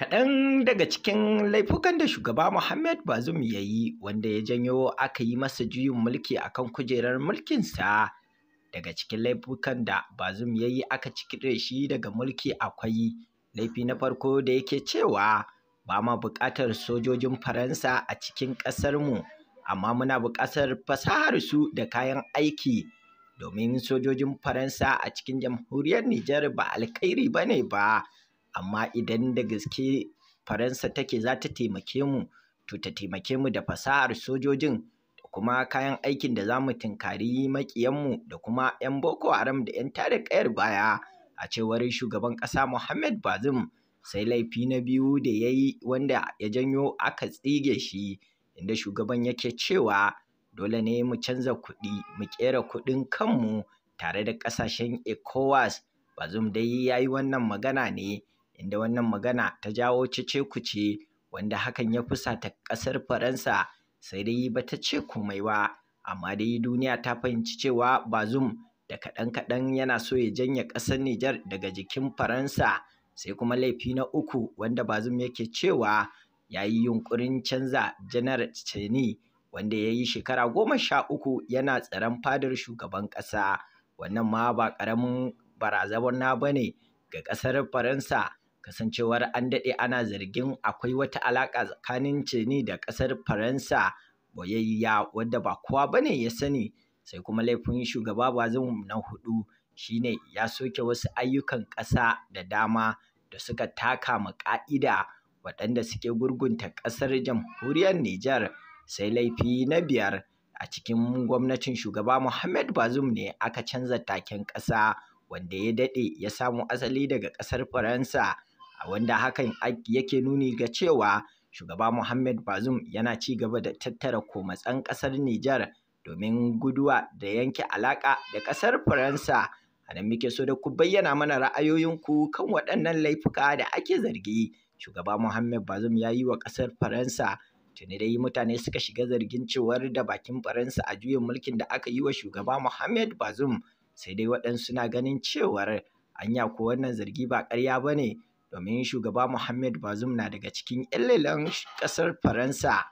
Kaɗan daga cikin laifukan da shugaba Muhammad bazum ya yi wanda ya janyo aka yi masa juyin mulki akan kujerar mulkinsa daga cikin laifukan da bazum ya yi aka cire shi daga mulki akwai laifi na farko da yake cewa ba ma buƙatar sojojin Faransa a cikin ƙasarmu amma muna buƙatar fasahar su da kayan aiki domin sojojin Faransa a cikin jamhuriyar Nijar ba alkhairi ne ba. amma idan da gaske faransa take za ta taimake mu to ta taimake mu da fasahar sojojin da kuma kayan aikin da za mu tunkari maƙiyanmu da kuma 'yan boko haram da 'yan tare kayar baya a cewar shugaban ƙasa Muhammad Bazum sai laifi na biyu da ya yi wanda ya janyo aka tsige shi inda shugaban yake cewa dole ne mu canza kuɗi mu ƙera kuɗin kanmu tare da ƙasashen ECOWAS Bazum dai ya yi wannan magana ne inda wannan magana ta jawo cece-kuce wanda hakan ya fusata ƙasar Faransa sai dai ba ta ce komai ba amma dai duniya ta fahimci cewa bazum da kaɗan-kaɗan yana so ya janye ƙasar Nijar daga jikin Faransa sai kuma laifi na uku wanda bazum yake cewa ya yi yunƙurin canza janar Ceni wanda ya yi shekara goma sha uku yana tsaron fadar shugaban ƙasa wannan ma ba ƙaramin barazana ba ne ga ƙasar Faransa kasancewar an daɗe ana zargin akwai wata alaƙa tsakanin Cini da ƙasar Faransa boyayya wadda ba kowa bane ya sani sai kuma laifin shugaba Bazum na hudu shine ya soke wasu ayyukan ƙasa da dama da suka taka ma ƙa'ida waɗanda suke gurgunta ƙasar jamhuriyar Nijar sai laifi na biyar a cikin gwamnatin shugaba Muhammad Bazum ne aka canza taken ƙasa wanda ya daɗe ya samo asali daga ƙasar Faransa wanda hakan yake nuni ga cewa shugaba Muhammad Bazoum yana ci gaba da tattara komatsan ƙasar Nijar domin guduwa da yanke alaƙa da ƙasar Faransa. A muke so da ku bayyana mana ra'ayoyinku kan waɗannan laifuka da ake zargi. Shugaba Muhammad Bazoum ya yi wa ƙasar Faransa tuni dai mutane suka shiga zargin cewar da bakin Faransa a juyin mulkin da aka yi wa shugaba Muhammad Bazoum sai dai waɗansu na ganin cewar anya ko wannan zargi ba ƙarya ba ne. domin shugaba Muhammad Bazoum na daga cikin 'yan lelen ƙasar Faransa